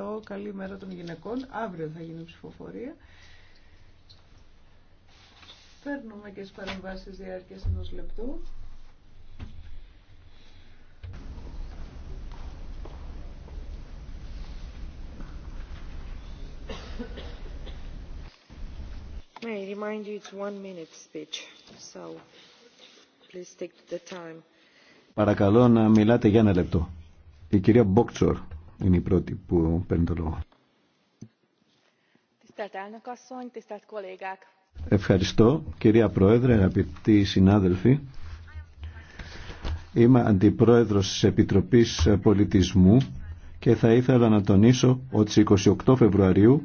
ευχαριστώ. Καλή μέρα των γυναικών. Αύριο θα γίνει ψηφοφορία. Παίρνουμε και τι παρεμβάσει διάρκεια ενός λεπτού. May I remind you it's one minute speech, so please the time. Παρακαλώ να μιλάτε για ένα λεπτό. Η κυρία Μπόκτσορ είναι η πρώτη που παίρνει το λόγο. Ευχαριστώ, κυρία Πρόεδρε, αγαπητοί συνάδελφοι. Είμαι αντιπρόεδρος της Επιτροπής Πολιτισμού και θα ήθελα να τονίσω ότι στις 28 Φεβρουαρίου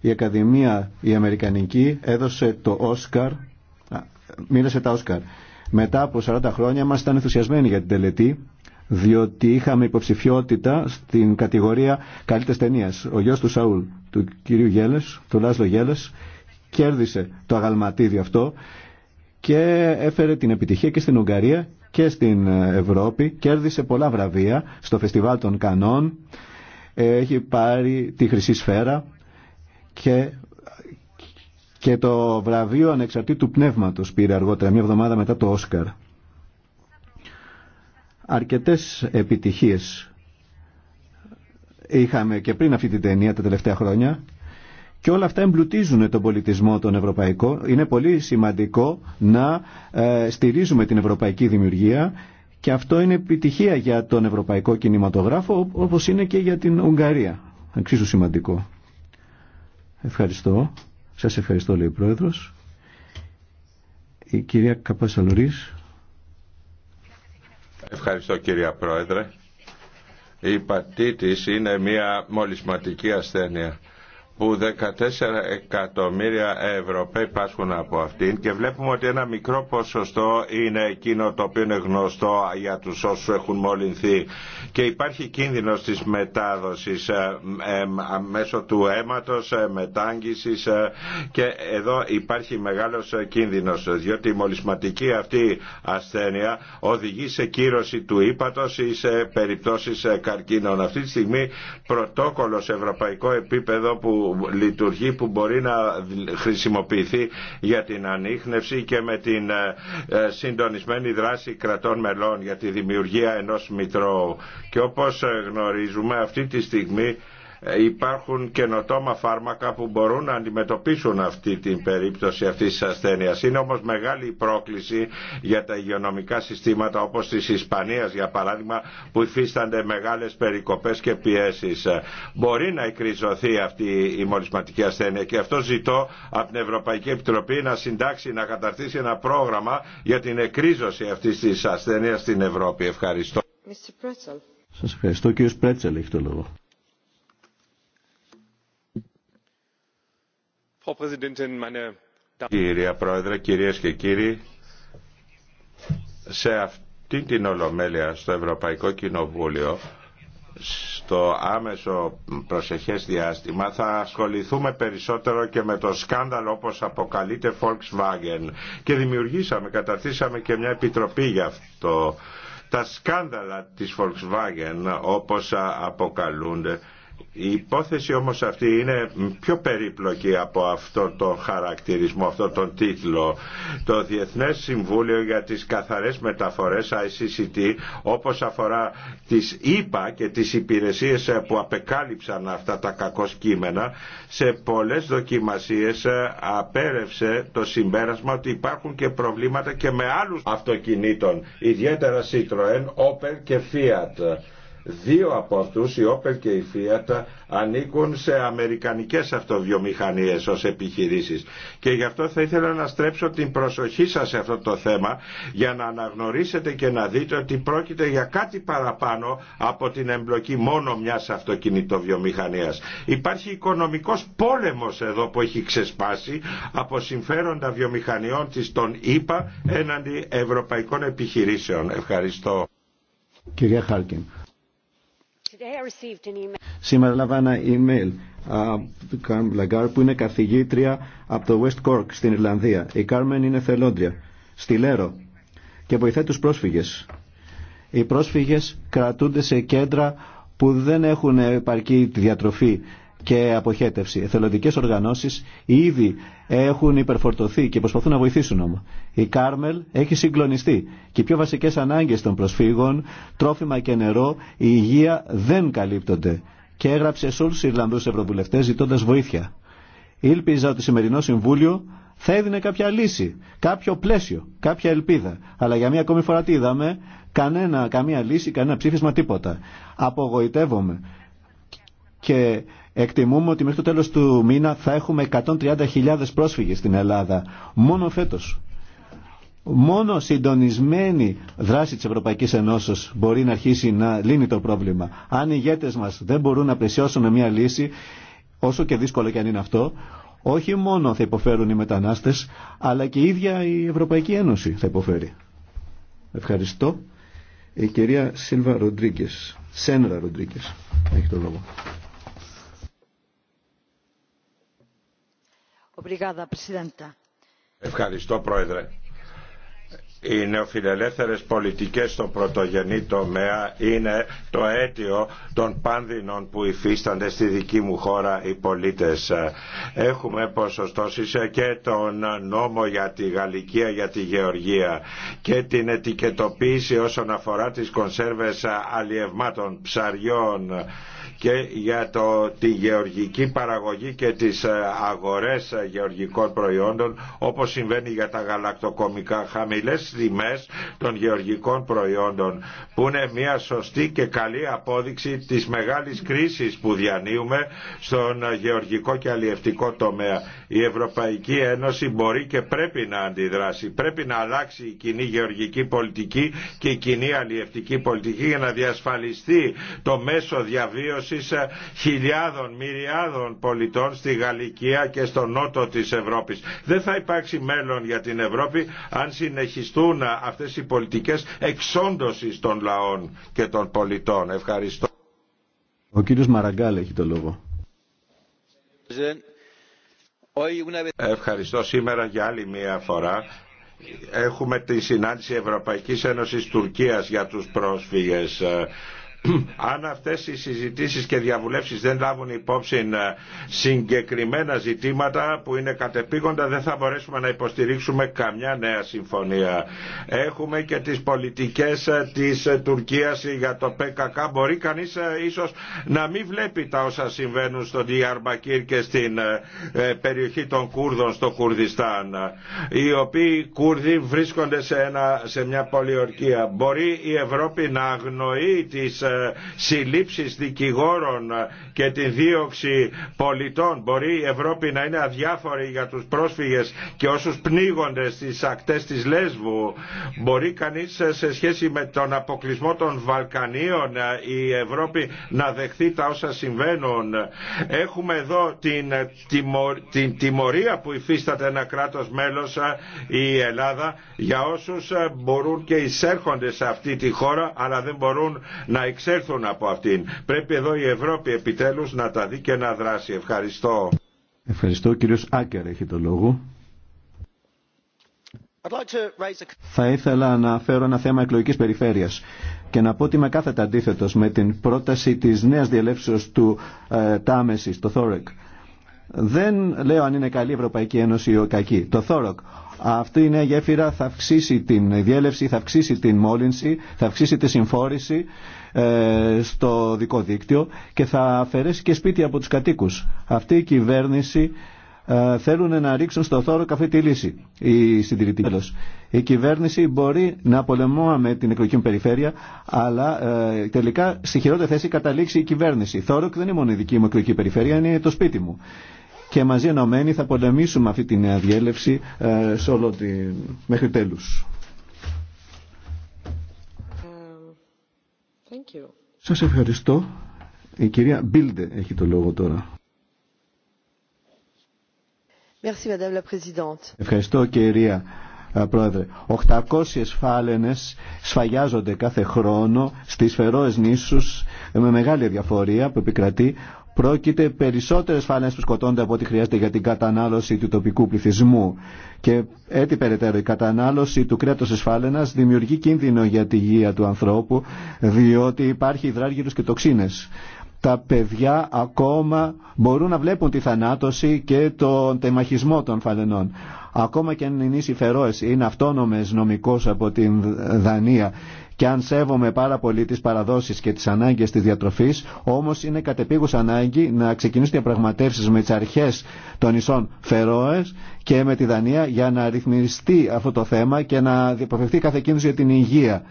η Ακαδημία η Αμερικανική έδωσε το Όσκαρ, μίλησε τα Όσκαρ. Μετά από 40 χρόνια μας ήταν ενθουσιασμένοι για την τελετή διότι είχαμε υποψηφιότητα στην κατηγορία καλύτερη ταινία. Ο γιο του Σαούλ, του κυρίου Γέλε, του Λάσλο Γέλε, κέρδισε το αγαλματίδιο αυτό και έφερε την επιτυχία και στην Ουγγαρία και στην Ευρώπη. Κέρδισε πολλά βραβεία στο Φεστιβάλ των Κανών. Έχει πάρει τη Χρυσή Σφαίρα και, και το βραβείο ανεξαρτήτου πνεύματος πήρε αργότερα, μια εβδομάδα μετά το Όσκαρ αρκετές επιτυχίες είχαμε και πριν αυτή την ταινία τα τελευταία χρόνια και όλα αυτά εμπλουτίζουν τον πολιτισμό τον ευρωπαϊκό. Είναι πολύ σημαντικό να ε, στηρίζουμε την ευρωπαϊκή δημιουργία και αυτό είναι επιτυχία για τον ευρωπαϊκό κινηματογράφο όπως είναι και για την Ουγγαρία. Εξίσου σημαντικό. Ευχαριστώ. Σας ευχαριστώ λέει ο Πρόεδρος. Η κυρία Καπασαλουρίς. Ευχαριστώ κυρία Πρόεδρε. Η πατήτης είναι μια μολυσματική ασθένεια που 14 εκατομμύρια Ευρωπαίοι πάσχουν από αυτήν και βλέπουμε ότι ένα μικρό ποσοστό είναι εκείνο το οποίο είναι γνωστό για τους όσους έχουν μολυνθεί και υπάρχει κίνδυνος της μετάδοσης ε, ε, ε, μέσω του αίματος, μετάγγισης και εδώ υπάρχει μεγάλος κίνδυνος διότι η μολυσματική αυτή ασθένεια οδηγεί σε κύρωση του ύπατος ή σε περιπτώσεις καρκίνων. Αυτή τη στιγμή πρωτόκολλος ευρωπαϊκό επίπεδο που λειτουργεί, που μπορεί να χρησιμοποιηθεί για την ανείχνευση και με την ε, ε, συντονισμένη δράση κρατών μελών για τη δημιουργία ενός μητρώου. Και όπως ε, γνωρίζουμε αυτή τη στιγμή ε, υπάρχουν καινοτόμα φάρμακα που μπορούν να αντιμετωπίσουν αυτή την περίπτωση αυτή τη ασθένεια. Είναι όμω μεγάλη η πρόκληση για τα υγειονομικά συστήματα όπω τη Ισπανία για παράδειγμα που υφίστανται μεγάλε περικοπέ και πιέσει. Ε, μπορεί να εκκρίζωθεί αυτή η μολυσματική ασθένεια και αυτό ζητώ από την Ευρωπαϊκή Επιτροπή να συντάξει, να καταρτήσει ένα πρόγραμμα για την εκκρίζωση αυτή τη ασθένεια στην Ευρώπη. Ευχαριστώ. Σας ευχαριστώ. Πρέτσελ το λόγο. Κυρία Πρόεδρε, κυρίες και κύριοι, σε αυτή την Ολομέλεια στο Ευρωπαϊκό Κοινοβούλιο στο άμεσο προσεχές διάστημα θα ασχοληθούμε περισσότερο και με το σκάνδαλο όπως αποκαλείται Volkswagen και δημιουργήσαμε, καταρτήσαμε και μια επιτροπή γι' αυτό. Τα σκάνδαλα της Volkswagen όπως αποκαλούνται η υπόθεση όμως αυτή είναι πιο περίπλοκη από αυτό τον χαρακτηρισμό, αυτό τον τίτλο. Το Διεθνές Συμβούλιο για τις Καθαρές Μεταφορές, ICCT, όπως αφορά τις ΙΠΑ και τις υπηρεσίες που απεκάλυψαν αυτά τα κακό κείμενα, σε πολλές δοκιμασίες απέρευσε το συμπέρασμα ότι υπάρχουν και προβλήματα και με άλλους αυτοκινήτων, ιδιαίτερα Citroën, Opel και Fiat Δύο από αυτούς, η Opel και η Fiat, ανήκουν σε αμερικανικές αυτοβιομηχανίες ως επιχειρήσεις. Και γι' αυτό θα ήθελα να στρέψω την προσοχή σας σε αυτό το θέμα για να αναγνωρίσετε και να δείτε ότι πρόκειται για κάτι παραπάνω από την εμπλοκή μόνο μιας αυτοκινητοβιομηχανίας. Υπάρχει οικονομικός πόλεμος εδώ που έχει ξεσπάσει από συμφέροντα βιομηχανιών της των ΗΠΑ έναντι ευρωπαϊκών επιχειρήσεων. Ευχαριστώ. Κυρία Σήμερα ένα email από την Κάρμ Λαγκάρ που είναι καθηγήτρια από το West Cork στην Ιρλανδία. Η Κάρμεν είναι θελόντρια στη Λέρο και βοηθάει τους πρόσφυγες. Οι πρόσφυγες κρατούνται σε κέντρα που δεν έχουν επαρκή διατροφή και αποχέτευση. Εθελοντικέ οργανώσει ήδη έχουν υπερφορτωθεί και προσπαθούν να βοηθήσουν όμω. Η Κάρμελ έχει συγκλονιστεί και οι πιο βασικέ ανάγκε των προσφύγων, τρόφιμα και νερό, η υγεία δεν καλύπτονται. Και έγραψε σε όλου του Ιρλανδού Ευρωβουλευτέ ζητώντα βοήθεια. Ήλπιζα ότι το σημερινό Συμβούλιο θα έδινε κάποια λύση, κάποιο πλαίσιο, κάποια ελπίδα. Αλλά για μία ακόμη φορά τι είδαμε, κανένα, καμία λύση, κανένα ψήφισμα, τίποτα. Απογοητεύομαι. Και Εκτιμούμε ότι μέχρι το τέλος του μήνα θα έχουμε 130.000 πρόσφυγες στην Ελλάδα. Μόνο φέτος. Μόνο συντονισμένη δράση της Ευρωπαϊκής Ενώσεως μπορεί να αρχίσει να λύνει το πρόβλημα. Αν οι ηγέτες μας δεν μπορούν να πλησιώσουν μια λύση, όσο και δύσκολο και αν είναι αυτό, όχι μόνο θα υποφέρουν οι μετανάστες, αλλά και η ίδια η Ευρωπαϊκή Ένωση θα υποφέρει. Ευχαριστώ. Η κυρία Σίλβα Ροντρίγκε. Σένρα Έχει το λόγο. Ευχαριστώ, Πρόεδρε οι νεοφιλελεύθερες πολιτικές στο πρωτογενή τομέα είναι το αίτιο των πάνδυνων που υφίστανται στη δική μου χώρα οι πολίτες. Έχουμε ποσοστώσεις και τον νόμο για τη Γαλλικία, για τη Γεωργία και την ετικετοποίηση όσον αφορά τις κονσέρβες αλλιευμάτων ψαριών και για το, τη γεωργική παραγωγή και τις αγορές γεωργικών προϊόντων όπως συμβαίνει για τα γαλακτοκομικά χαμηλές τιμές των γεωργικών προϊόντων που είναι μια σωστή και καλή απόδειξη της μεγάλης κρίσης που διανύουμε στον γεωργικό και αλλιευτικό τομέα. Η Ευρωπαϊκή Ένωση μπορεί και πρέπει να αντιδράσει. Πρέπει να αλλάξει η κοινή γεωργική πολιτική και η κοινή αλλιευτική πολιτική για να διασφαλιστεί το μέσο διαβίωσης χιλιάδων, μυριάδων πολιτών στη Γαλλικία και στο νότο της Ευρώπης. Δεν θα υπάρξει μέλλον για την Ευρώπη αν αυτές οι πολιτικές εξόντωσης των λαών και των πολιτών. Ευχαριστώ. Ο κύριος Μαραγκάλ έχει το λόγο. Ευχαριστώ σήμερα για άλλη μία φορά. Έχουμε τη συνάντηση Ευρωπαϊκής Ένωσης Τουρκίας για τους πρόσφυγες αν αυτές οι συζητήσεις και διαβουλεύσεις δεν λάβουν υπόψη ε, συγκεκριμένα ζητήματα που είναι κατεπήγοντα δεν θα μπορέσουμε να υποστηρίξουμε καμιά νέα συμφωνία. Έχουμε και τις πολιτικές ε, της ε, Τουρκίας για το ΠΚΚ. Μπορεί κανείς ίσως να μην βλέπει τα όσα συμβαίνουν στον Διαρμπακύρ και στην περιοχή των Κούρδων στο Κουρδιστάν. Οι οποίοι Κούρδοι βρίσκονται σε, σε μια πολιορκία. Μπορεί η Ευρώπη να αγνοεί τις συλλήψεις δικηγόρων και την δίωξη πολιτών. Μπορεί η Ευρώπη να είναι αδιάφορη για τους πρόσφυγες και όσους πνίγονται στις ακτές της Λέσβου. Μπορεί κανείς ε, σε σχέση με τον αποκλεισμό των Βαλκανίων ε, η Ευρώπη να δεχθεί τα όσα συμβαίνουν. Έχουμε εδώ την, ε, την τιμωρία που υφίσταται ένα κράτος μέλος η Ελλάδα για όσους μπορούν και εισέρχονται σε αυτή τη χώρα αλλά δεν μπορούν να εξέλθουν από αυτήν. Πρέπει εδώ η Ευρώπη επιτέλους να τα δει και να δράσει. Ευχαριστώ. Ευχαριστώ. Κύριος Άκερ έχει το λόγο. Θα ήθελα να φέρω ένα θέμα εκλογικής περιφέρειας και να πω ότι είμαι κάθετα αντίθετος με την πρόταση της νέας διελεύσεως του ε, Τάμεσης, το Θόρεκ. Δεν λέω αν είναι καλή η Ευρωπαϊκή Ένωση ή κακή. Το Θόροκ. Αυτή η νέα γέφυρα θα αυξήσει την διέλευση, θα αυξήσει την μόλυνση, θα αυξήσει τη συμφόρηση ε, στο δικό δίκτυο και θα αφαιρέσει και σπίτι από τους κατοίκους. Αυτή η κυβέρνηση ε, θέλουν να ρίξουν στο θόρο αυτή τη λύση. Η συντηρητική. Η κυβέρνηση μπορεί να με την εκλογική περιφέρεια, αλλά ε, τελικά στη χειρότερη θέση καταλήξει η κυβέρνηση. Θόροκ δεν είναι μόνο η δική μου εκλογική περιφέρεια, είναι το σπίτι μου. Και μαζί ενωμένοι θα πολεμήσουμε αυτή την διέλευση ε, σε όλο τη... μέχρι τέλους. Thank you. Σας ευχαριστώ. Η κυρία Μπίλντε έχει το λόγο τώρα. Merci, Madame la Présidente. Ευχαριστώ κυρία Πρόεδρε. 800 φάλαινες σφαγιάζονται κάθε χρόνο στις Φερόες νήσους με μεγάλη διαφορία που επικρατεί Πρόκειται περισσότερε φανέ που σκοτώνται από ό,τι χρειάζεται για την κατανάλωση του τοπικού πληθυσμού. Και έτσι περαιτέρω η κατανάλωση του κρέατο τη φάλαινα δημιουργεί κίνδυνο για τη υγεία του ανθρώπου, διότι υπάρχει υδράργυρο και τοξίνε. Τα παιδιά ακόμα μπορούν να βλέπουν τη θανάτωση και τον τεμαχισμό των φαλενών. Ακόμα και αν είναι οι είναι αυτόνομες νομικώς από την Δανία και αν σέβομαι πάρα πολύ τι παραδόσεις και τι ανάγκε τη διατροφή, όμω είναι κατεπίγουσα ανάγκη να ξεκινήσουν διαπραγματεύσει με τι αρχέ των νησών Φερόε και με τη Δανία για να ρυθμιστεί αυτό το θέμα και να διαπραγματευτεί κάθε κίνδυνο για την υγεία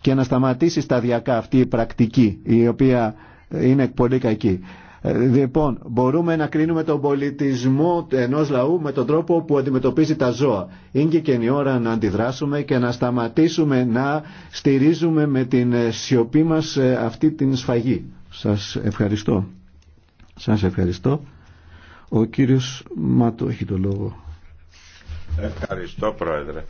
και να σταματήσει σταδιακά αυτή η πρακτική η οποία είναι πολύ κακή. Λοιπόν, μπορούμε να κρίνουμε τον πολιτισμό ενό λαού με τον τρόπο που αντιμετωπίζει τα ζώα. Είναι και, η ώρα να αντιδράσουμε και να σταματήσουμε να στηρίζουμε με την σιωπή μα ε, αυτή την σφαγή. Σα ευχαριστώ. Σα ευχαριστώ. Ο κύριος Μάτο έχει το λόγο. Ευχαριστώ, Πρόεδρε.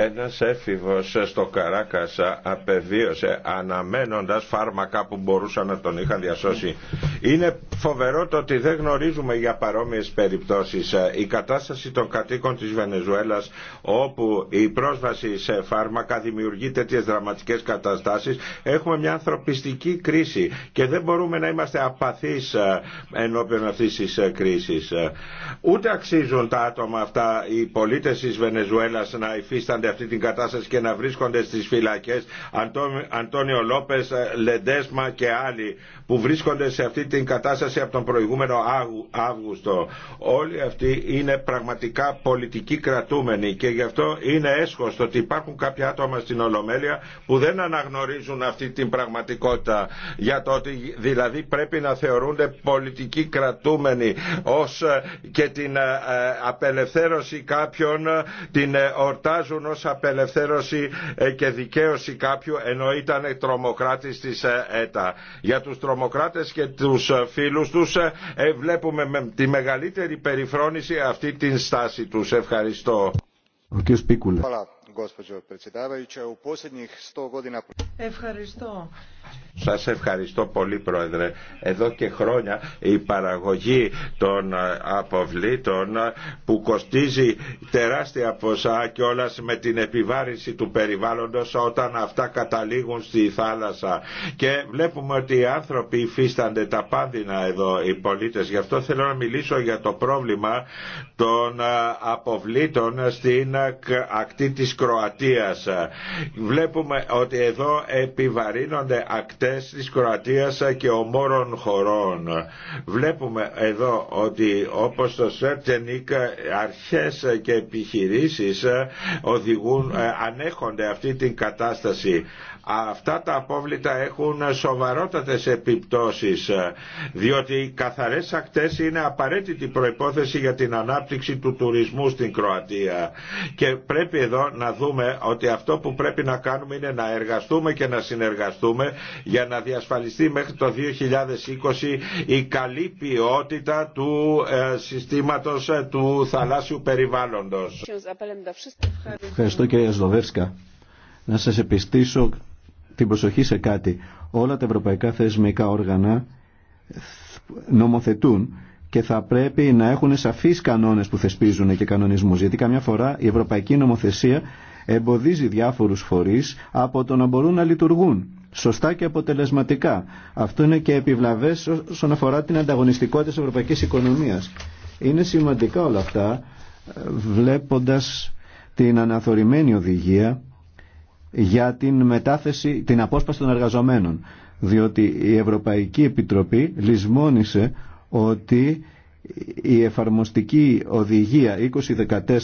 Ένας έφηβος στο Καράκασα απεβίωσε αναμένοντας φάρμακα που μπορούσαν να τον είχαν διασώσει. Είναι φοβερό το ότι δεν γνωρίζουμε για παρόμοιες περιπτώσεις. Η κατάσταση των κατοίκων της Βενεζουέλας όπου η πρόσβαση σε φάρμακα δημιουργεί τέτοιες δραματικές καταστάσεις έχουμε μια ανθρωπιστική κρίση και δεν μπορούμε να είμαστε απαθείς ε, ενώπιον αυτής της ε, κρίσης. Ε, ούτε αξίζουν τα άτομα αυτά οι πολίτες της Βενεζουέλας να υφίστανται αυτή την κατάσταση και να βρίσκονται στις φυλακές Αντώνιο Λόπες, Λεντέσμα και άλλοι που βρίσκονται σε αυτή την κατάσταση από τον προηγούμενο Αύγουστο. Όλοι αυτοί είναι πραγματικά πολιτικοί κρατούμενοι και γι' αυτό είναι έσχος ότι υπάρχουν κάποια άτομα στην Ολομέλεια που δεν αναγνωρίζουν αυτή την πραγματικότητα για το ότι δηλαδή πρέπει να θεωρούνται πολιτικοί κρατούμενοι ως ε, και την ε, ε, απελευθέρωση κάποιων την ορτάζουν ως απελευθέρωση και δικαίωση κάποιου ενώ ήταν τρομοκράτης της ΕΤΑ. Για τους και τους ε, φίλους τους ε, ε, βλέπουμε με τη μεγαλύτερη περιφρόνηση αυτή την στάση τους. Ευχαριστώ. Ο Ευχαριστώ. Σας ευχαριστώ πολύ Πρόεδρε. Εδώ και χρόνια η παραγωγή των ε, αποβλήτων ε, που κοστίζει τεράστια ποσά και όλα με την επιβάρηση του περιβάλλοντος όταν αυτά καταλήγουν στη θάλασσα. Και βλέπουμε ότι οι άνθρωποι υφίστανται τα πάνδυνα εδώ οι πολίτες. Γι' αυτό θέλω να μιλήσω για το πρόβλημα των ε, αποβλήτων στην ακτή της Κροατίας. Βλέπουμε ότι εδώ επιβαρύνονται ακτές της Κροατίας και ομόρων χωρών. Βλέπουμε εδώ ότι όπως το Σερτενίκ αρχές και επιχειρήσεις οδηγούν, ε, ανέχονται αυτή την κατάσταση. Αυτά τα απόβλητα έχουν σοβαρότατες επιπτώσεις ε, διότι οι καθαρές ακτές είναι απαραίτητη προϋπόθεση για την ανάπτυξη του τουρισμού στην Κροατία και πρέπει εδώ να δούμε ότι αυτό που πρέπει να κάνουμε είναι να εργαστούμε και να συνεργαστούμε για να διασφαλιστεί μέχρι το 2020 η καλή ποιότητα του ε, συστήματος ε, του θαλάσσιου περιβάλλοντος. Ευχαριστώ κυρία Να σας επιστήσω την προσοχή σε κάτι. Όλα τα ευρωπαϊκά θεσμικά όργανα νομοθετούν και θα πρέπει να έχουν σαφείς κανόνες που θεσπίζουν και κανονισμούς. Γιατί καμιά φορά η ευρωπαϊκή νομοθεσία εμποδίζει διάφορους φορεί από το να μπορούν να λειτουργούν σωστά και αποτελεσματικά. Αυτό είναι και επιβλαβές όσον αφορά την ανταγωνιστικότητα τη ευρωπαϊκή οικονομία. Είναι σημαντικά όλα αυτά ε, βλέποντα την αναθωρημένη οδηγία για την μετάθεση, την απόσπαση των εργαζομένων. Διότι η Ευρωπαϊκή Επιτροπή λησμόνησε ότι η εφαρμοστική οδηγία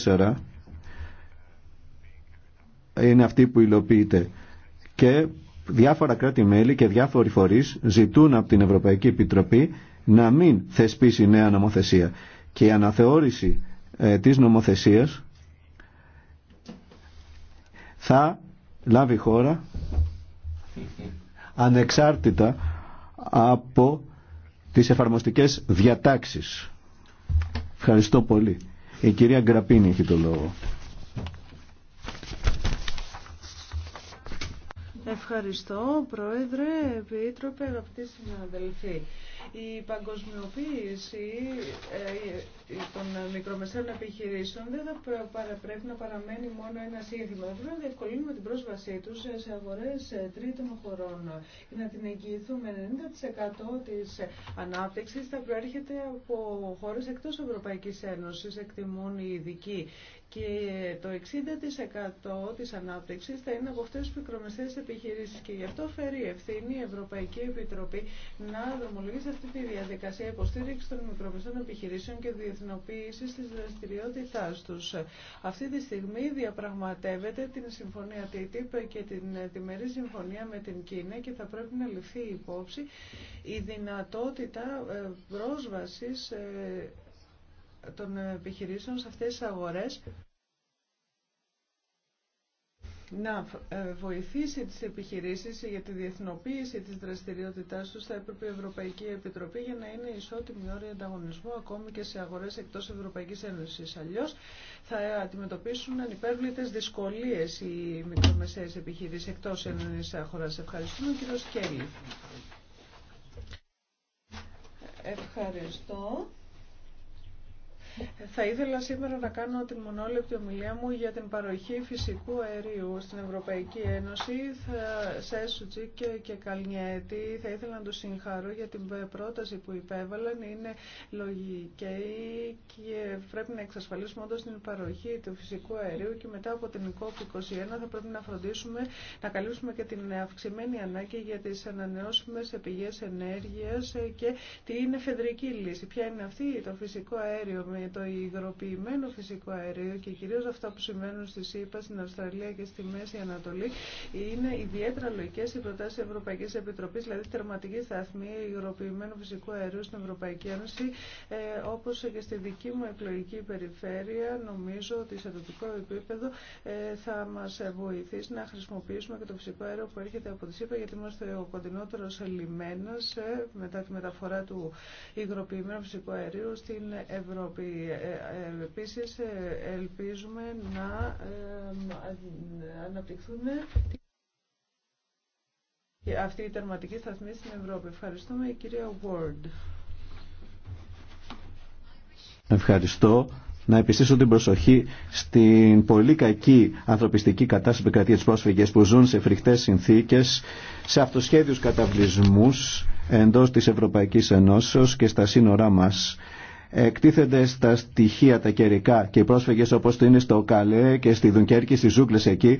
2014 είναι αυτή που υλοποιείται και διάφορα κράτη-μέλη και διάφοροι φορείς ζητούν από την Ευρωπαϊκή Επιτροπή να μην θεσπίσει νέα νομοθεσία. Και η αναθεώρηση ε, της νομοθεσίας θα λάβει χώρα ανεξάρτητα από τις εφαρμοστικές διατάξεις. Ευχαριστώ πολύ. Η κυρία Γκραπίνη έχει το λόγο. Ευχαριστώ, Πρόεδρε, Επίτροπε, αγαπητοί συναδελφοί. Η παγκοσμιοποίηση ε, ε, των μικρομεσαίων επιχειρήσεων δεν θα πρέπει να παραμένει μόνο ένα σύνθημα. Θα πρέπει να διευκολύνουμε την πρόσβασή του σε αγορέ τρίτων χωρών και να την εγγυηθούμε. 90% τη ανάπτυξη θα προέρχεται από χώρε εκτό Ευρωπαϊκή Ένωση, εκτιμούν οι ειδικοί και το 60% της ανάπτυξης θα είναι από αυτές τις μικρομεσαίες επιχειρήσεις και γι' αυτό φέρει ευθύνη η Ευρωπαϊκή Επιτροπή να δομολογήσει αυτή τη διαδικασία υποστήριξη των μικρομεσαίων επιχειρήσεων και διεθνοποίησης της δραστηριότητάς τους. Αυτή τη στιγμή διαπραγματεύεται την συμφωνία TTIP και την διμερή συμφωνία με την Κίνα και θα πρέπει να ληφθεί υπόψη η δυνατότητα ε, πρόσβασης ε, των επιχειρήσεων σε αυτές τις αγορές να ε, βοηθήσει τις επιχειρήσεις για τη διεθνοποίηση της δραστηριότητάς τους θα έπρεπε η Ευρωπαϊκή Επιτροπή για να είναι ισότιμη όρια ανταγωνισμού ακόμη και σε αγορές εκτός Ευρωπαϊκής Ένωσης. Αλλιώς θα αντιμετωπίσουν ανυπέρβλητες δυσκολίες οι μικρομεσαίες επιχειρήσεις εκτός Ένωσης αγοράς. Ευχαριστούμε κύριο Σκέλη. Ευχαριστώ. Θα ήθελα σήμερα να κάνω την μονόλεπτη ομιλία μου για την παροχή φυσικού αερίου στην Ευρωπαϊκή Ένωση. Θα, και, και Καλνιέτη, θα ήθελα να τους συγχαρώ για την πρόταση που υπέβαλαν. Είναι λογική και πρέπει να εξασφαλίσουμε όντως την παροχή του φυσικού αερίου και μετά από την COP21 θα πρέπει να φροντίσουμε να καλύψουμε και την αυξημένη ανάγκη για τις ανανεώσιμες πηγές ενέργειας και τι είναι φεδρική λύση. Ποια είναι αυτή το φυσικό αέριο με το υγροποιημένο φυσικό αερίο και κυρίως αυτά που συμβαίνουν στη ΣΥΠΑ, στην Αυστραλία και στη Μέση Ανατολή είναι ιδιαίτερα λογικές οι προτάσεις της Ευρωπαϊκής Επιτροπής, δηλαδή τερματική σταθμή υγροποιημένου φυσικού αερίου στην Ευρωπαϊκή Ένωση, ε, όπως και στη δική μου εκλογική περιφέρεια, νομίζω ότι σε τοπικό επίπεδο ε, θα μας βοηθήσει να χρησιμοποιήσουμε και το φυσικό αέριο που έρχεται από τη ΣΥΠΑ, γιατί είμαστε ο κοντινότερος λιμένας ε, μετά τη μεταφορά του υγροποιημένου φυσικού αερίου στην Ευρώπη. Επίσης ε, ελπίζουμε να ε, αναπτυχθούν αυτή η τερματική σταθμή στην Ευρώπη. Ευχαριστούμε κυρία Ward. Ευχαριστώ. Να επιστήσω την προσοχή στην πολύ κακή ανθρωπιστική κατάσταση που κρατεί τις πρόσφυγες που ζουν σε φρικτές συνθήκες, σε αυτοσχέδιους καταβλισμούς εντός της Ευρωπαϊκής Ενώσεως και στα σύνορά μας εκτίθενται στα στοιχεία τα καιρικά και οι πρόσφυγες όπως είναι στο Καλέ και στη Δουνκέρκη, στις ζούγκλες εκεί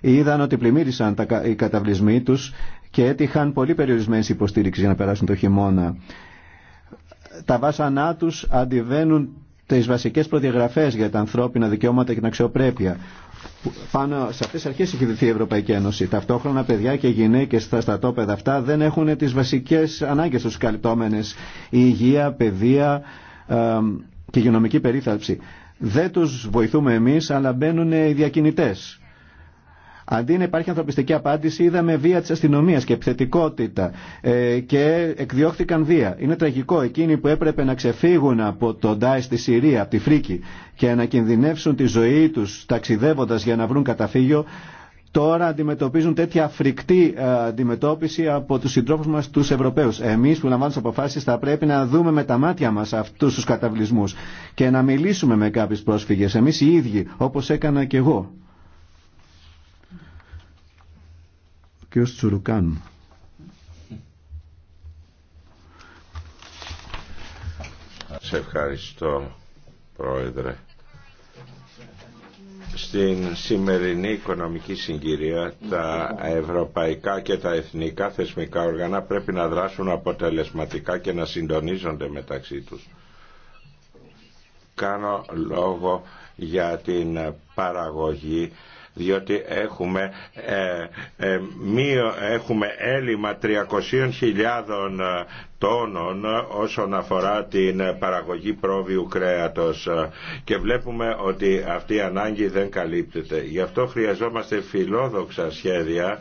είδαν ότι πλημμύρισαν τα, οι καταβλισμοί τους και έτυχαν πολύ περιορισμένες υποστήριξη για να περάσουν το χειμώνα. Τα βάσανά τους αντιβαίνουν τις βασικές προδιαγραφές για τα ανθρώπινα δικαιώματα και την αξιοπρέπεια. Πάνω σε αυτές τις αρχές έχει δοθεί η Ευρωπαϊκή Ένωση. Ταυτόχρονα παιδιά και γυναίκες στα στατόπεδα αυτά δεν έχουν τις βασικές ανάγκες τους καλυπτόμενες. Η υγεία, παιδεία, και υγειονομική περίθαλψη. Δεν τους βοηθούμε εμείς, αλλά μπαίνουν οι διακινητές. Αντί να υπάρχει ανθρωπιστική απάντηση, είδαμε βία της αστυνομίας και επιθετικότητα ε, και εκδιώχθηκαν βία. Είναι τραγικό εκείνοι που έπρεπε να ξεφύγουν από τον Ντάι στη Συρία, από τη Φρίκη και να κινδυνεύσουν τη ζωή τους ταξιδεύοντας για να βρουν καταφύγιο, τώρα αντιμετωπίζουν τέτοια φρικτή ε, αντιμετώπιση από τους συντρόφους μας τους Ευρωπαίους. Εμείς που λαμβάνουμε τις αποφάσεις θα πρέπει να δούμε με τα μάτια μας αυτούς τους καταβλισμούς και να μιλήσουμε με κάποιες πρόσφυγες, εμείς οι ίδιοι, όπως έκανα και εγώ. Και Σε ευχαριστώ, Πρόεδρε. Στην σημερινή οικονομική συγκυρία τα ευρωπαϊκά και τα εθνικά θεσμικά οργανά πρέπει να δράσουν αποτελεσματικά και να συντονίζονται μεταξύ τους. Κάνω λόγο για την παραγωγή διότι έχουμε, ε, ε έχουμε έλλειμμα 300.000 τόνων όσον αφορά την παραγωγή πρόβειου κρέατος και βλέπουμε ότι αυτή η ανάγκη δεν καλύπτεται. Γι' αυτό χρειαζόμαστε φιλόδοξα σχέδια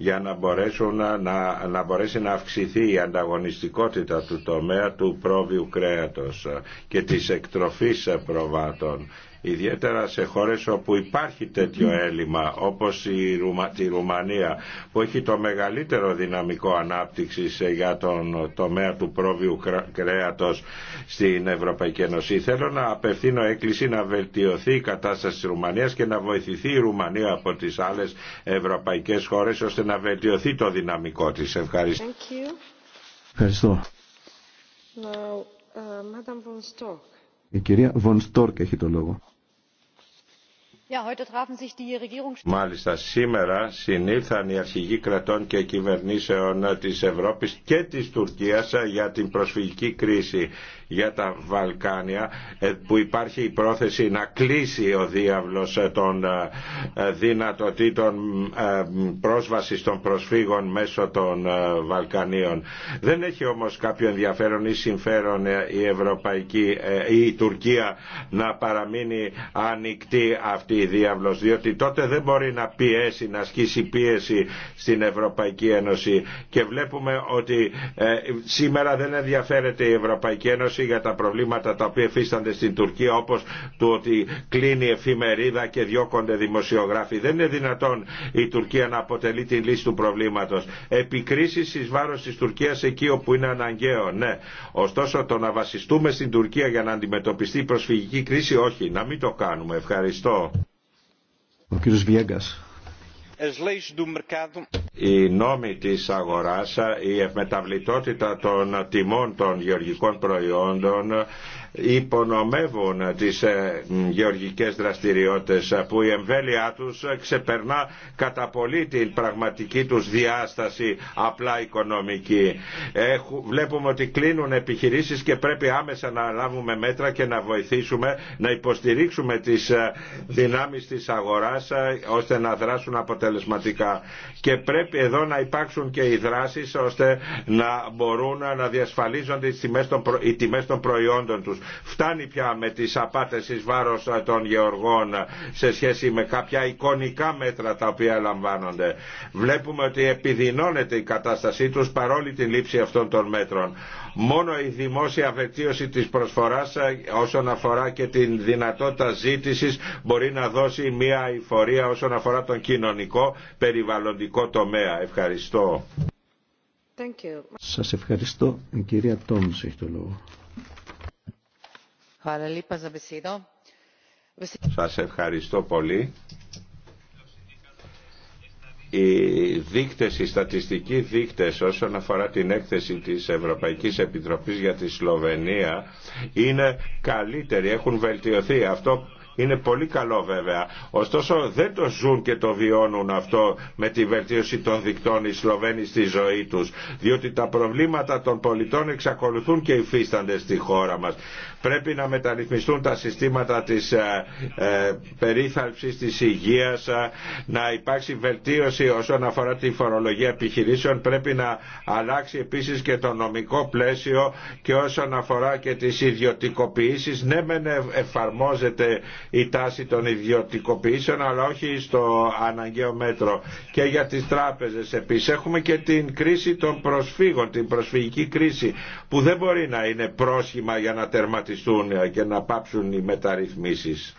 για να, μπορέσουν, να, να μπορέσει να αυξηθεί η ανταγωνιστικότητα του τομέα του πρόβειου κρέατος και της εκτροφής προβάτων ιδιαίτερα σε χώρες όπου υπάρχει τέτοιο έλλειμμα όπως η τη Ρουμανία που έχει το μεγαλύτερο δυναμικό ανάπτυξης για τον τομέα τομέα του πρόβειου κρέατος στην Ευρωπαϊκή Ένωση. Θέλω να απευθύνω έκκληση να βελτιωθεί η κατάσταση της Ρουμανίας και να βοηθηθεί η Ρουμανία από τις άλλες ευρωπαϊκές χώρες ώστε να βελτιωθεί το δυναμικό της. Ευχαριστώ. Ευχαριστώ. Uh, η κυρία Βον Στόρκ έχει το λόγο. Μάλιστα σήμερα συνήλθαν οι αρχηγοί κρατών και κυβερνήσεων της Ευρώπης και της Τουρκίας για την προσφυγική κρίση για τα Βαλκάνια ε, που υπάρχει η πρόθεση να κλείσει ο διάβλος των ε, δυνατοτήτων ε, πρόσβασης των προσφύγων μέσω των Βαλκανίων. Δεν έχει όμως κάποιο ενδιαφέρον ή συμφέρον η Ευρωπαϊκή ή η Τουρκία να παραμείνει ανοιχτή αυτή διάβλος διότι τότε δεν μπορεί να πιέσει, να ασκήσει πίεση στην Ευρωπαϊκή Ένωση και βλέπουμε ότι ε, σήμερα δεν ενδιαφέρεται η Ευρωπαϊκή Ένωση για τα προβλήματα τα οποία εφίστανται στην Τουρκία όπως το ότι κλείνει εφημερίδα και διώκονται δημοσιογράφοι. Δεν είναι δυνατόν η Τουρκία να αποτελεί την λύση του προβλήματος. Επικρίσεις εις βάρος της Τουρκίας εκεί όπου είναι αναγκαίο, ναι. Ωστόσο το να βασιστούμε στην Τουρκία για να αντιμετωπιστεί η προσφυγική κρίση, όχι. Να μην το κάνουμε. Ευχαριστώ ο κύριος Βιέγκας. As leis do mercado, οι νόμοι της αγοράς, η ευμεταβλητότητα των τιμών των γεωργικών προϊόντων υπονομεύουν τις ε, γεωργικές δραστηριότητες που η εμβέλειά τους ξεπερνά κατά πολύ την πραγματική τους διάσταση απλά οικονομική. Βλέπουμε ότι κλείνουν επιχειρήσεις και πρέπει άμεσα να λάβουμε μέτρα και να βοηθήσουμε να υποστηρίξουμε τις ε, δυνάμεις της αγοράς ε, ώστε να δράσουν αποτελεσματικά. Και πρέπει εδώ να υπάρξουν και οι δράσει ώστε να μπορούν να διασφαλίζονται οι τιμέ των προϊόντων τους. Φτάνει πια με τις απάτες ει βάρος ε, των γεωργών σε σχέση με κάποια εικονικά μέτρα τα οποία λαμβάνονται. Βλέπουμε ότι επιδεινώνεται η κατάστασή του παρόλη την λήψη αυτών των μέτρων μόνο η δημόσια βελτίωση της προσφοράς ε, όσον αφορά και την δυνατότητα ζήτησης μπορεί να δώσει μια εφορία όσον αφορά τον κοινωνικό περιβαλλοντικό τομέα. Ευχαριστώ. Thank Σας ευχαριστώ. Η κυρία Τόμς έχει το λόγο. Σας ευχαριστώ πολύ οι δείκτες, οι στατιστικοί δείκτες όσον αφορά την έκθεση της Ευρωπαϊκής Επιτροπής για τη Σλοβενία είναι καλύτεροι, έχουν βελτιωθεί. Αυτό είναι πολύ καλό βέβαια. Ωστόσο δεν το ζουν και το βιώνουν αυτό με τη βελτίωση των δικτών οι Σλοβαίνοι στη ζωή τους. Διότι τα προβλήματα των πολιτών εξακολουθούν και υφίστανται στη χώρα μας. Πρέπει να μεταρρυθμιστούν τα συστήματα της ε, ε, περίθαλψης, της υγείας, ε, να υπάρξει βελτίωση όσον αφορά τη φορολογία επιχειρήσεων. Πρέπει να αλλάξει επίσης και το νομικό πλαίσιο και όσον αφορά και τις ιδιωτικοποιήσεις. Ναι, μεν εφαρμόζεται η τάση των ιδιωτικοποιήσεων αλλά όχι στο αναγκαίο μέτρο. Και για τις τράπεζες επίσης έχουμε και την κρίση των προσφύγων, την προσφυγική κρίση που δεν μπορεί να είναι πρόσχημα για να τερματιστούν και να πάψουν οι μεταρρυθμίσεις.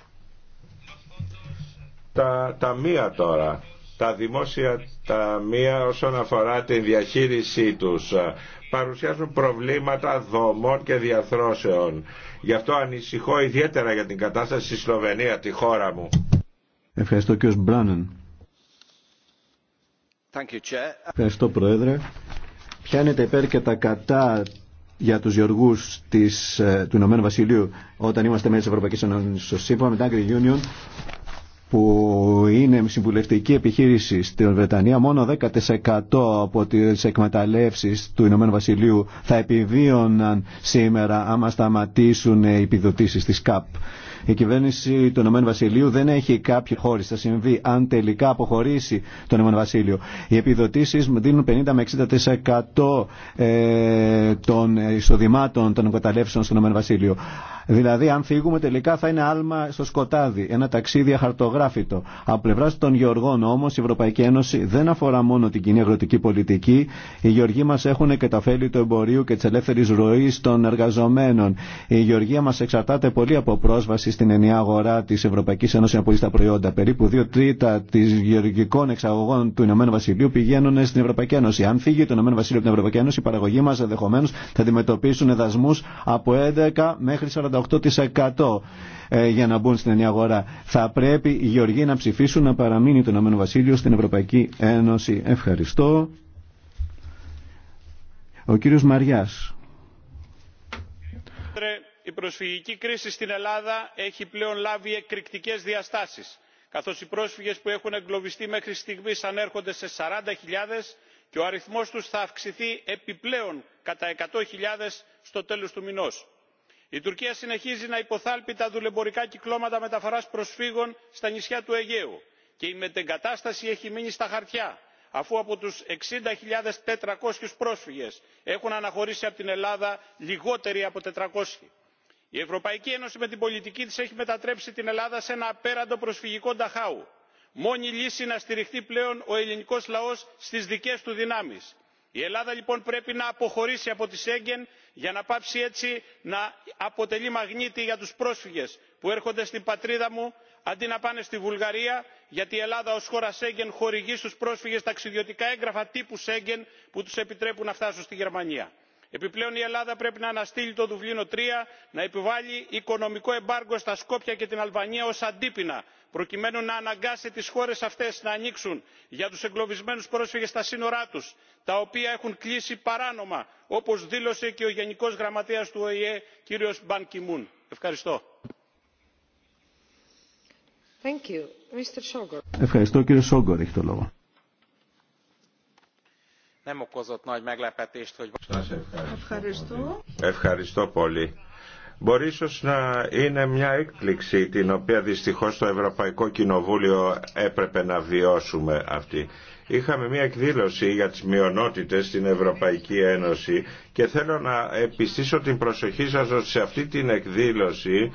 Τα μία τώρα, τα δημόσια μία, όσον αφορά τη διαχείρισή τους. Παρουσιάζουν προβλήματα δομών και διαθρώσεων. Γι' αυτό ανησυχώ ιδιαίτερα για την κατάσταση στη Σλοβενία, τη χώρα μου. Ευχαριστώ κ. Μπράνεν. Ευχαριστώ Πρόεδρε. Ποια είναι τα υπέρ και τα κατά για τους γεωργούς της, ε, του Ηνωμένου Βασιλείου όταν είμαστε μέλη της Ευρωπαϊκής Ένωσης. Σύμφωνα με την Άγκρη Union που είναι συμβουλευτική επιχείρηση στην Βρετανία, μόνο 10% από τις εκμεταλλεύσεις του Ηνωμένου Βασιλείου θα επιβίωναν σήμερα άμα σταματήσουν οι επιδοτήσεις της ΚΑΠ η κυβέρνηση του Ηνωμένου Βασιλείου δεν έχει κάποιο χώρο Θα συμβεί αν τελικά αποχωρήσει το Ηνωμένο Βασίλειο. Οι επιδοτήσει δίνουν 50 με 60% ε, των εισοδημάτων των εγκαταλέψεων στο Ηνωμένο Βασίλειο. Δηλαδή, αν φύγουμε τελικά θα είναι άλμα στο σκοτάδι, ένα ταξίδι αχαρτογράφητο. Από πλευρά των γεωργών όμω, η Ευρωπαϊκή Ένωση δεν αφορά μόνο την κοινή αγροτική πολιτική. Οι γεωργοί μα έχουν και τα ωφέλη του εμπορίου και τη ελεύθερη ροή των εργαζομένων. Η γεωργία μα εξαρτάται πολύ από πρόσβαση στην ενιαία αγορά τη Ευρωπαϊκή Ένωση να πουλήσει τα προϊόντα. Περίπου δύο τρίτα τη γεωργικών εξαγωγών του Ηνωμένου Βασιλείου πηγαίνουν στην Ευρωπαϊκή Ένωση. Αν φύγει το Ηνωμένο Βασίλειο από την Ευρωπαϊκή Ένωση, οι παραγωγοί μα ενδεχομένω θα αντιμετωπίσουν δασμού από 11 μέχρι 48% ε, για να μπουν στην ενιαία αγορά. Θα πρέπει οι γεωργοί να ψηφίσουν να παραμείνει το Ηνωμένο Βασίλειο στην Ευρωπαϊκή Ένωση. Ευχαριστώ. Ο κύριος Μαριάς η προσφυγική κρίση στην ελλάδα έχει πλέον λάβει εκρηκτικές διαστάσεις καθώς οι πρόσφυγες που έχουν εγκλωβιστεί μέχρι στιγμής ανέρχονται σε σαράντα και ο αριθμός τους θα αυξηθεί επιπλέον κατά εκατό στο τέλος του μηνός. η τουρκία συνεχίζει να υποθάλπει τα δουλεμπορικά κυκλώματα μεταφοράς προσφύγων στα νησιά του αιγαίου και η μετεγκατάσταση έχει μείνει στα χαρτιά αφού από τους 60.400 πρόσφυγες έχουν αναχωρήσει από την ελλάδα λιγότεροι από 400 η ευρωπαϊκή ένωση με την πολιτική της έχει μετατρέψει την ελλάδα σε ένα απέραντο προσφυγικό ταχάου. μόνη λύση να στηριχτεί πλέον ο ελληνικός λαός στις δικές του δυνάμεις. η ελλάδα λοιπόν πρέπει να αποχωρήσει από τη σέγγεν για να πάψει έτσι να αποτελεί μαγνήτη για τους πρόσφυγες που έρχονται στην πατρίδα μου αντί να πάνε στη βουλγαρία γιατί η ελλάδα ως χώρα σέγγεν χορηγεί στους πρόσφυγες ταξιδιωτικά έγγραφα τύπου σέγγεν που τους επιτρέπουν να φτάσουν στη γερμανία επιπλέον η ελλάδα πρέπει να αναστείλει το δουβλίνο τρία να επιβάλει οικονομικό εμπάργκο στα σκόπια και την αλβανία ως αντίπεινα προκειμένου να αναγκάσει τις χώρες αυτές να ανοίξουν για τους εγκλωβισμένους πρόσφυγες τα σύνορά τους τα οποία έχουν κλείσει παράνομα όπως δήλωσε και ο γενικός γραμματέας του οηε κύριος μπαν κι ευχαριστώ. Ευχαριστώ κύριε Σόγκορ έχει το λόγο. Ευχαριστώ. πολύ. Μπορεί ίσω να είναι μια έκπληξη την οποία δυστυχώ το Ευρωπαϊκό Κοινοβούλιο έπρεπε να βιώσουμε αυτή. Είχαμε μια εκδήλωση για τι μειονότητε στην Ευρωπαϊκή Ένωση και θέλω να επιστήσω την προσοχή σα ότι σε αυτή την εκδήλωση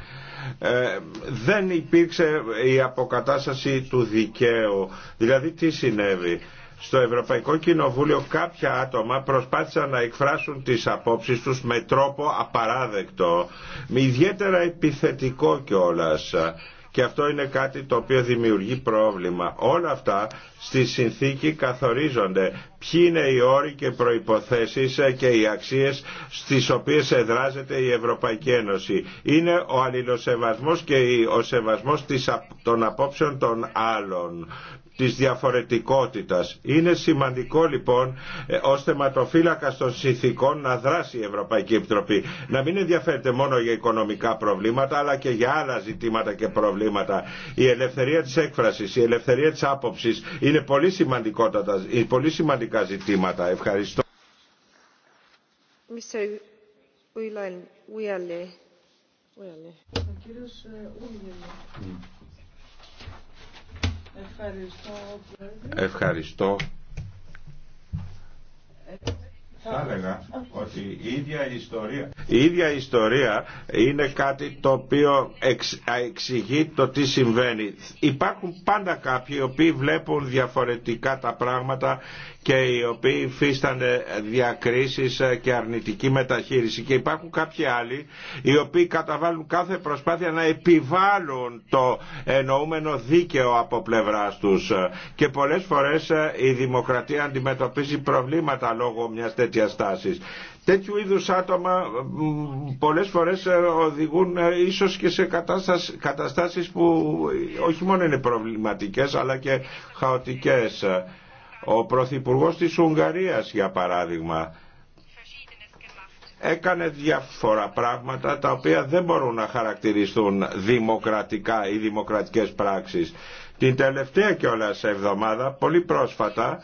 ε, δεν υπήρξε η αποκατάσταση του δικαίου. Δηλαδή τι συνέβη στο Ευρωπαϊκό Κοινοβούλιο κάποια άτομα προσπάθησαν να εκφράσουν τις απόψεις τους με τρόπο απαράδεκτο, με ιδιαίτερα επιθετικό κιόλα. και αυτό είναι κάτι το οποίο δημιουργεί πρόβλημα. Όλα αυτά στη συνθήκη καθορίζονται. Ποιοι είναι οι όροι και προϋποθέσεις και οι αξίες στις οποίες εδράζεται η Ευρωπαϊκή Ένωση. Είναι ο αλληλοσεβασμός και ο σεβασμός των απόψεων των άλλων της διαφορετικότητας. Είναι σημαντικό λοιπόν ε, ως θεματοφύλακα των συνθήκων να δράσει η Ευρωπαϊκή Επιτροπή. Να μην ενδιαφέρεται μόνο για οικονομικά προβλήματα αλλά και για άλλα ζητήματα και προβλήματα. Η ελευθερία της έκφρασης, η ελευθερία της άποψης είναι πολύ, ε, πολύ σημαντικά ζητήματα. Ευχαριστώ. Ευχαριστώ. Ευχαριστώ. Θα έλεγα ότι η ίδια ιστορία, η ίδια ιστορία είναι κάτι το οποίο εξ, εξηγεί το τι συμβαίνει. Υπάρχουν πάντα κάποιοι οι οποίοι βλέπουν διαφορετικά τα πράγματα και οι οποίοι φυστανε διακρίσεις και αρνητική μεταχείριση και υπάρχουν κάποιοι άλλοι οι οποίοι καταβάλουν κάθε προσπάθεια να επιβάλλουν το εννοούμενο δίκαιο από πλευράς τους και πολλές φορές ε, η δημοκρατία αντιμετωπίζει προβλήματα λόγω μιας τέτοιας Τέτοιου είδου άτομα πολλές φορές ε, οδηγούν ε, ίσως και σε καταστάσεις που όχι μόνο είναι προβληματικές αλλά και χαοτικές. Ο Πρωθυπουργό της Ουγγαρίας για παράδειγμα έκανε διάφορα πράγματα τα οποία δεν μπορούν να χαρακτηριστούν δημοκρατικά ή δημοκρατικές πράξεις. Την τελευταία κιόλας εβδομάδα, πολύ πρόσφατα,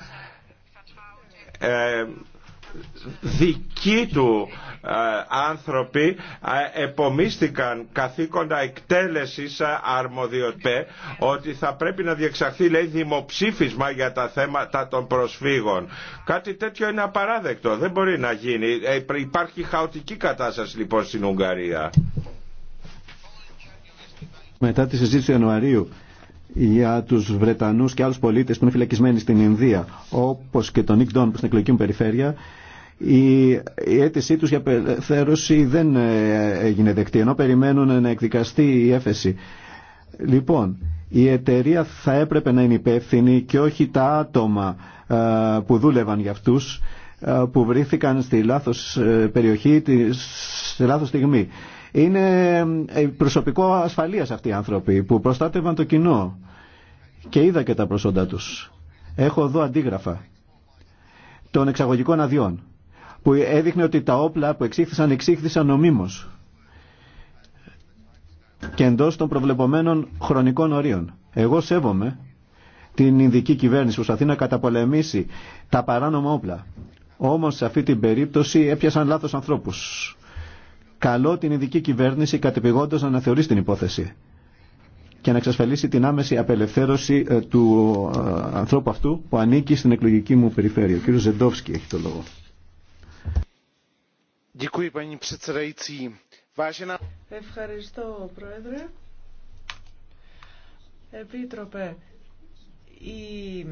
ε, δικοί του ε, άνθρωποι ε, επομίστηκαν καθήκοντα εκτέλεσης ε, αρμοδιοτέ ότι θα πρέπει να διεξαχθεί λέει δημοψήφισμα για τα θέματα των προσφύγων. Κάτι τέτοιο είναι απαράδεκτο. Δεν μπορεί να γίνει. Υπάρχει χαοτική κατάσταση λοιπόν στην Ουγγαρία. Μετά τη συζήτηση Ιανουαρίου για τους Βρετανούς και άλλους πολίτες που είναι φυλακισμένοι στην Ινδία, όπως και τον Νίκ Ντόν που στην εκλογική μου περιφέρεια, η, η αίτησή τους για απελευθέρωση δεν ε, έγινε δεκτή, ενώ περιμένουν να εκδικαστεί η έφεση. Λοιπόν, η εταιρεία θα έπρεπε να είναι υπεύθυνη και όχι τα άτομα ε, που δούλευαν για αυτούς, ε, που βρήθηκαν στη λάθος περιοχή, στη λάθος στιγμή. Είναι ε, προσωπικό ασφαλείας αυτοί οι άνθρωποι που προστάτευαν το κοινό και είδα και τα προσόντα τους. Έχω εδώ αντίγραφα των εξαγωγικών αδειών που έδειχνε ότι τα όπλα που εξήχθησαν εξήχθησαν νομίμως και εντός των προβλεπομένων χρονικών ορίων. Εγώ σέβομαι την ειδική κυβέρνηση που σταθεί να καταπολεμήσει τα παράνομα όπλα. Όμως σε αυτή την περίπτωση έπιασαν λάθος ανθρώπους. Καλό την ειδική κυβέρνηση κατεπηγόντω να αναθεωρήσει την υπόθεση και να εξασφαλίσει την άμεση απελευθέρωση ε, του ε, ανθρώπου αυτού που ανήκει στην εκλογική μου περιφέρεια. Ο κύριος Ζεντόφσκι έχει το λόγο. Ευχαριστώ, Πρόεδρε. Επίτροπε, η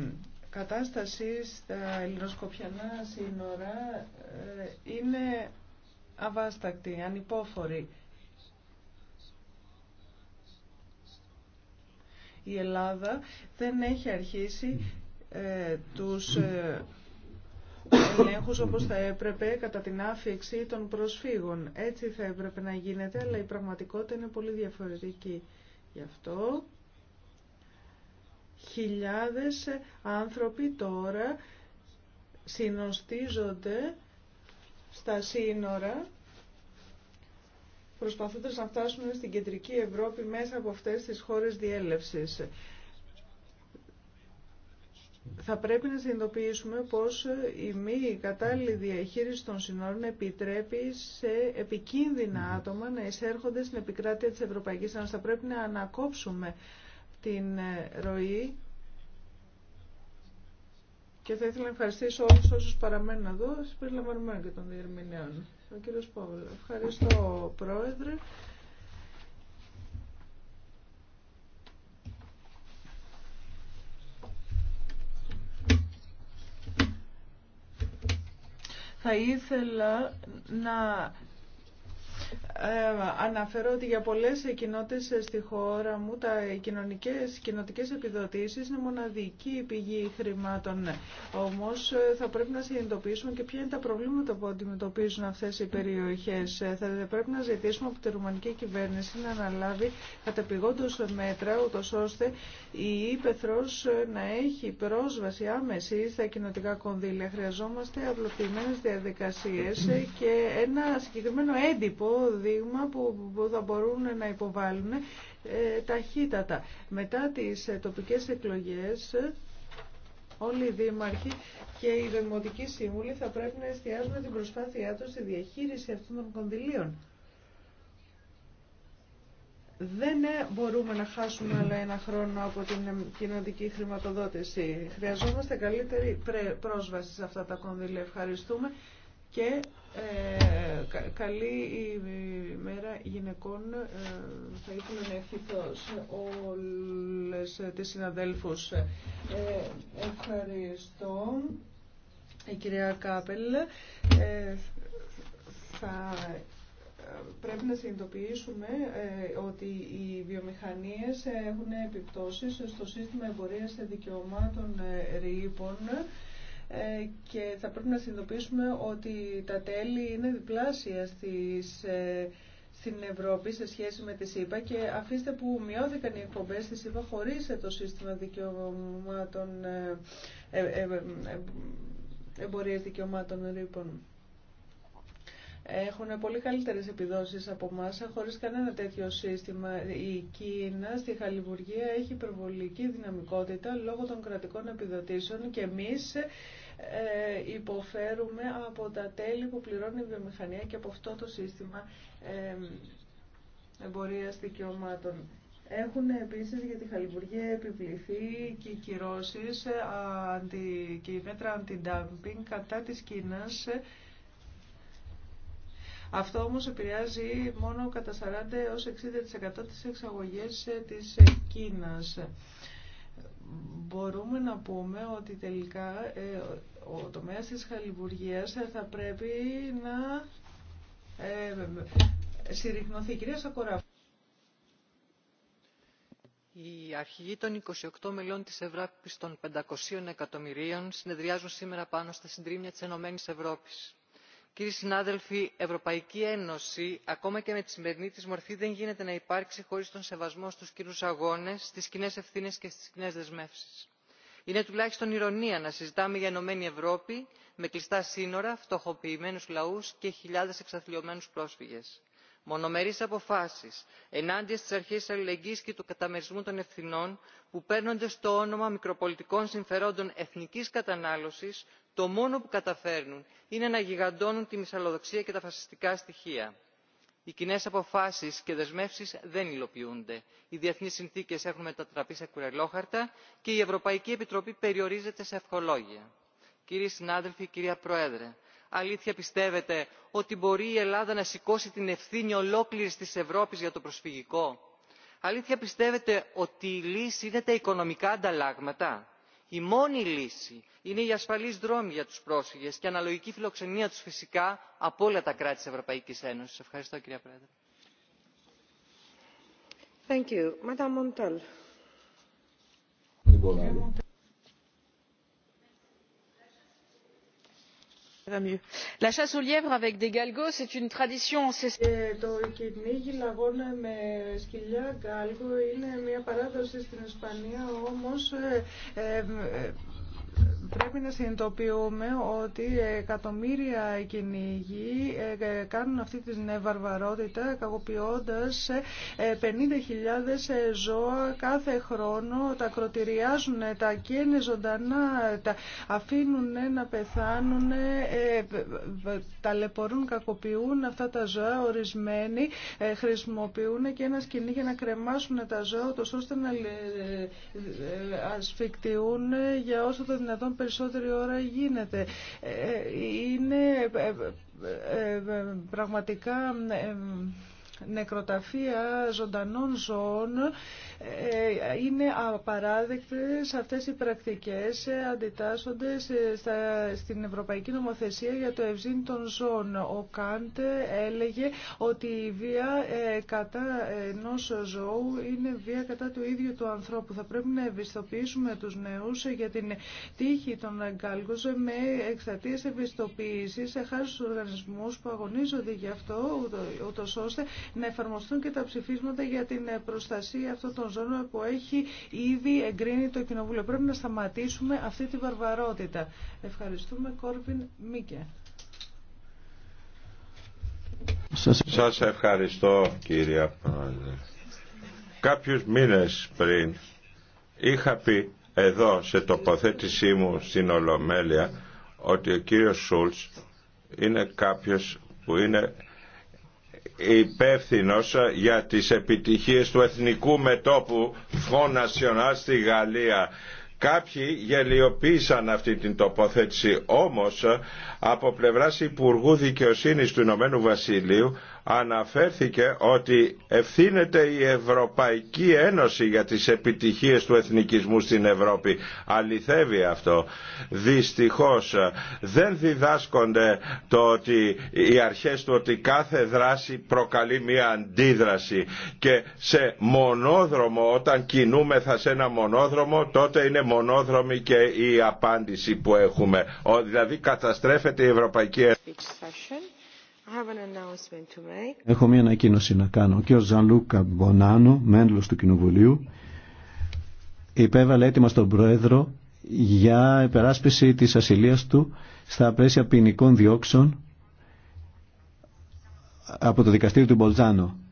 κατάσταση στα ελληνοσκοπιανά σύνορα ε, είναι αβάστακτοι, ανυπόφοροι. Η Ελλάδα δεν έχει αρχίσει ε, τους ε, ελέγχους όπως θα έπρεπε κατά την άφηξη των προσφύγων. Έτσι θα έπρεπε να γίνεται, αλλά η πραγματικότητα είναι πολύ διαφορετική. Γι' αυτό χιλιάδες άνθρωποι τώρα συνοστίζονται στα σύνορα προσπαθώντας να φτάσουν στην κεντρική Ευρώπη μέσα από αυτές τις χώρες διέλευσης. Θα πρέπει να συνειδητοποιήσουμε πως η μη κατάλληλη διαχείριση των συνόρων επιτρέπει σε επικίνδυνα άτομα να εισέρχονται στην επικράτεια της Ευρωπαϊκής Ένωσης. Θα πρέπει να ανακόψουμε την ροή και θα ήθελα να ευχαριστήσω όλου όσου παραμένουν εδώ, συμπεριλαμβανομένων και των διερμηνέων. Ο κύριο Ευχαριστώ, Πρόεδρε. Θα ήθελα να ε, αναφέρω ότι για πολλές κοινότητες στη χώρα μου τα κοινωνικές, κοινωτικές επιδοτήσεις είναι μοναδική πηγή χρημάτων. Όμως ε, θα πρέπει να συνειδητοποιήσουμε και ποια είναι τα προβλήματα που αντιμετωπίζουν αυτές οι περιοχές. Ε, θα πρέπει να ζητήσουμε από τη ρουμανική κυβέρνηση να αναλάβει κατεπηγόντως μέτρα ούτω ώστε η Ήπεθρος να έχει πρόσβαση άμεση στα κοινωτικά κονδύλια. Χρειαζόμαστε απλοποιημένες διαδικασίες και ένα συγκεκριμένο έντυπο που θα μπορούν να υποβάλουν ε, ταχύτατα. Μετά τις ε, τοπικές εκλογές ε, όλοι οι δήμαρχοι και οι δημοτικοί σύμβουλοι θα πρέπει να εστιάζουν την προσπάθειά τους στη διαχείριση αυτών των κονδυλίων. Δεν μπορούμε να χάσουμε άλλο ένα χρόνο από την κοινωνική χρηματοδότηση. Χρειαζόμαστε καλύτερη πρόσβαση σε αυτά τα κονδύλια. Ευχαριστούμε και ε, καλή ημέρα γυναικών. Ε, θα ήθελα να ευχηθώ σε όλες τις συναδέλφους. Ε, ευχαριστώ. Η κυρία Κάπελ, ε, θα πρέπει να συνειδητοποιήσουμε ότι οι βιομηχανίες έχουν επιπτώσεις στο σύστημα εμπορίας δικαιωμάτων ρήπων ε, και θα πρέπει να συνειδητοποιήσουμε ότι τα τέλη είναι διπλάσια στις, ε, στην Ευρώπη σε σχέση με τη ΣΥΠΑ και αφήστε που μειώθηκαν οι εκπομπές στη ΣΥΠΑ χωρίς το σύστημα δικαιωμάτων, ε, ε, ε, ε εμπορίας δικαιωμάτων ρήπων έχουν πολύ καλύτερες επιδόσεις από εμά χωρίς κανένα τέτοιο σύστημα. Η Κίνα στη Χαλιβουργία έχει υπερβολική δυναμικότητα λόγω των κρατικών επιδοτήσεων και εμείς ε, υποφέρουμε από τα τέλη που πληρώνει η βιομηχανία και από αυτό το σύστημα ε, εμπορίας δικαιωμάτων. Έχουν επίσης για τη Χαλιβουργία επιβληθεί και οι κυρώσεις ε, και μέτρα αντι κατά της Κίνας αυτό όμως επηρεάζει μόνο κατά 40 έως 60% ε, της εξαγωγής της Κίνας. Μπορούμε να πούμε ότι τελικά ε, ο τομέας της χαλιβουργίας ε, θα πρέπει να συρρυχνωθεί. Κυρία Σακορά. Η αρχηγή των 28 μελών της Ευρώπης των 500 εκατομμυρίων συνεδριάζουν σήμερα πάνω στα συντρίμια της Ενωμένης ΕΕ. Κύριοι συνάδελφοι, η Ευρωπαϊκή Ένωση, ακόμα και με τη σημερινή τη μορφή, δεν γίνεται να υπάρξει χωρίς τον σεβασμό στους κοινού αγώνες, στις κοινέ ευθύνε και στις κοινέ δεσμεύσεις. Είναι τουλάχιστον ηρωνία να συζητάμε για Ενωμένη Ευρώπη με κλειστά σύνορα, φτωχοποιημένους λαούς και χιλιάδες εξαθλιωμένου πρόσφυγες μονομερείς αποφάσεις ενάντια στις αρχές αλληλεγγύης και του καταμερισμού των ευθυνών που παίρνονται στο όνομα μικροπολιτικών συμφερόντων εθνικής κατανάλωσης το μόνο που καταφέρνουν είναι να γιγαντώνουν τη μυσαλλοδοξία και τα φασιστικά στοιχεία. οι κοινέ αποφάσει και δεσμεύσει δεν υλοποιούνται οι διεθνεί συνθήκε έχουν μετατραπεί σε κουρελόχαρτα και η ευρωπαϊκή επιτροπή περιορίζεται σε ευχολόγια. κύριοι συνάδελφοι κυρία πρόεδρε αλήθεια πιστεύετε ότι μπορεί η ελλάδα να σηκώσει την ευθύνη ολόκληρης της ευρώπης για το προσφυγικό; αλήθεια πιστεύετε ότι η λύση είναι τα οικονομικά ανταλλάγματα; η μόνη λύση είναι η ασφαλής δρόμη για τους πρόσφυγες και αναλογική φιλοξενία τους φυσικά από όλα τα κράτη της ευρωπαϊκής ένωσης. ευχαριστώ κυρία πρόεδρε. Thank you. Το κυνήγι λαγών με σκυλιά γκάλγο είναι μια παράδοση στην Ισπανία, όμω. Ε, ε, Πρέπει να συνειδητοποιούμε ότι εκατομμύρια κυνήγοι ε, κάνουν αυτή τη βαρβαρότητα κακοποιώντας 50.000 ε, ε, ζώα κάθε χρόνο, τα κροτηριάζουν, τα καίνε ζωντανά, τα αφήνουν να πεθάνουν, λεπορούν, κακοποιούν αυτά τα ζώα, ορισμένοι χρησιμοποιούν και ένα σκηνή για να κρεμάσουν τα ζώα, ώστε να ασφικτιούν για όσο το δυνατόν περισσότερη ώρα γίνεται. Ε, είναι ε, ε, πραγματικά νεκροταφεία ζωντανών ζώων ε, είναι απαράδεκτες αυτές οι πρακτικές ε, αντιτάσσονται στην Ευρωπαϊκή Νομοθεσία για το ευζήν των ζώων. Ο Κάντε έλεγε ότι η βία ε, κατά ενός ζώου είναι βία κατά του ίδιου του ανθρώπου. Θα πρέπει να ευαισθητοποιήσουμε τους νέους για την τύχη των αγκάλκους με εκστατείες σε χάρη στους οργανισμούς που αγωνίζονται γι' αυτό ούτως ώστε να εφαρμοστούν και τα ψηφίσματα για την προστασία αυτών των που έχει ήδη εγκρίνει το Κοινοβούλιο. Πρέπει να σταματήσουμε αυτή τη βαρβαρότητα. Ευχαριστούμε Κόρβιν Μίκε. Σας ευχαριστώ κύριε Πρόεδρε. Κάποιους μήνες πριν είχα πει εδώ σε τοποθέτησή μου στην Ολομέλεια ότι ο κύριος Σούλτς είναι κάποιος που είναι υπεύθυνο για τις επιτυχίες του εθνικού μετόπου Front στη Γαλλία. Κάποιοι γελιοποίησαν αυτή την τοποθέτηση, όμως από πλευράς Υπουργού Δικαιοσύνης του Ηνωμένου Βασιλείου αναφέρθηκε ότι ευθύνεται η Ευρωπαϊκή Ένωση για τις επιτυχίες του εθνικισμού στην Ευρώπη. Αληθεύει αυτό. Δυστυχώς δεν διδάσκονται το ότι οι αρχές του ότι κάθε δράση προκαλεί μια αντίδραση και σε μονόδρομο όταν κινούμεθα σε ένα μονόδρομο τότε είναι μονόδρομη και η απάντηση που έχουμε. Δηλαδή καταστρέφεται η Ευρωπαϊκή Ένωση. Έχω μία ανακοίνωση να κάνω. Ο κ. Ζανλούκα Μπονάνο, μέλος του Κοινοβουλίου, υπέβαλε έτοιμα στον Πρόεδρο για υπεράσπιση της ασυλίας του στα πλαίσια ποινικών διώξεων από το δικαστήριο του Μπολζάνο.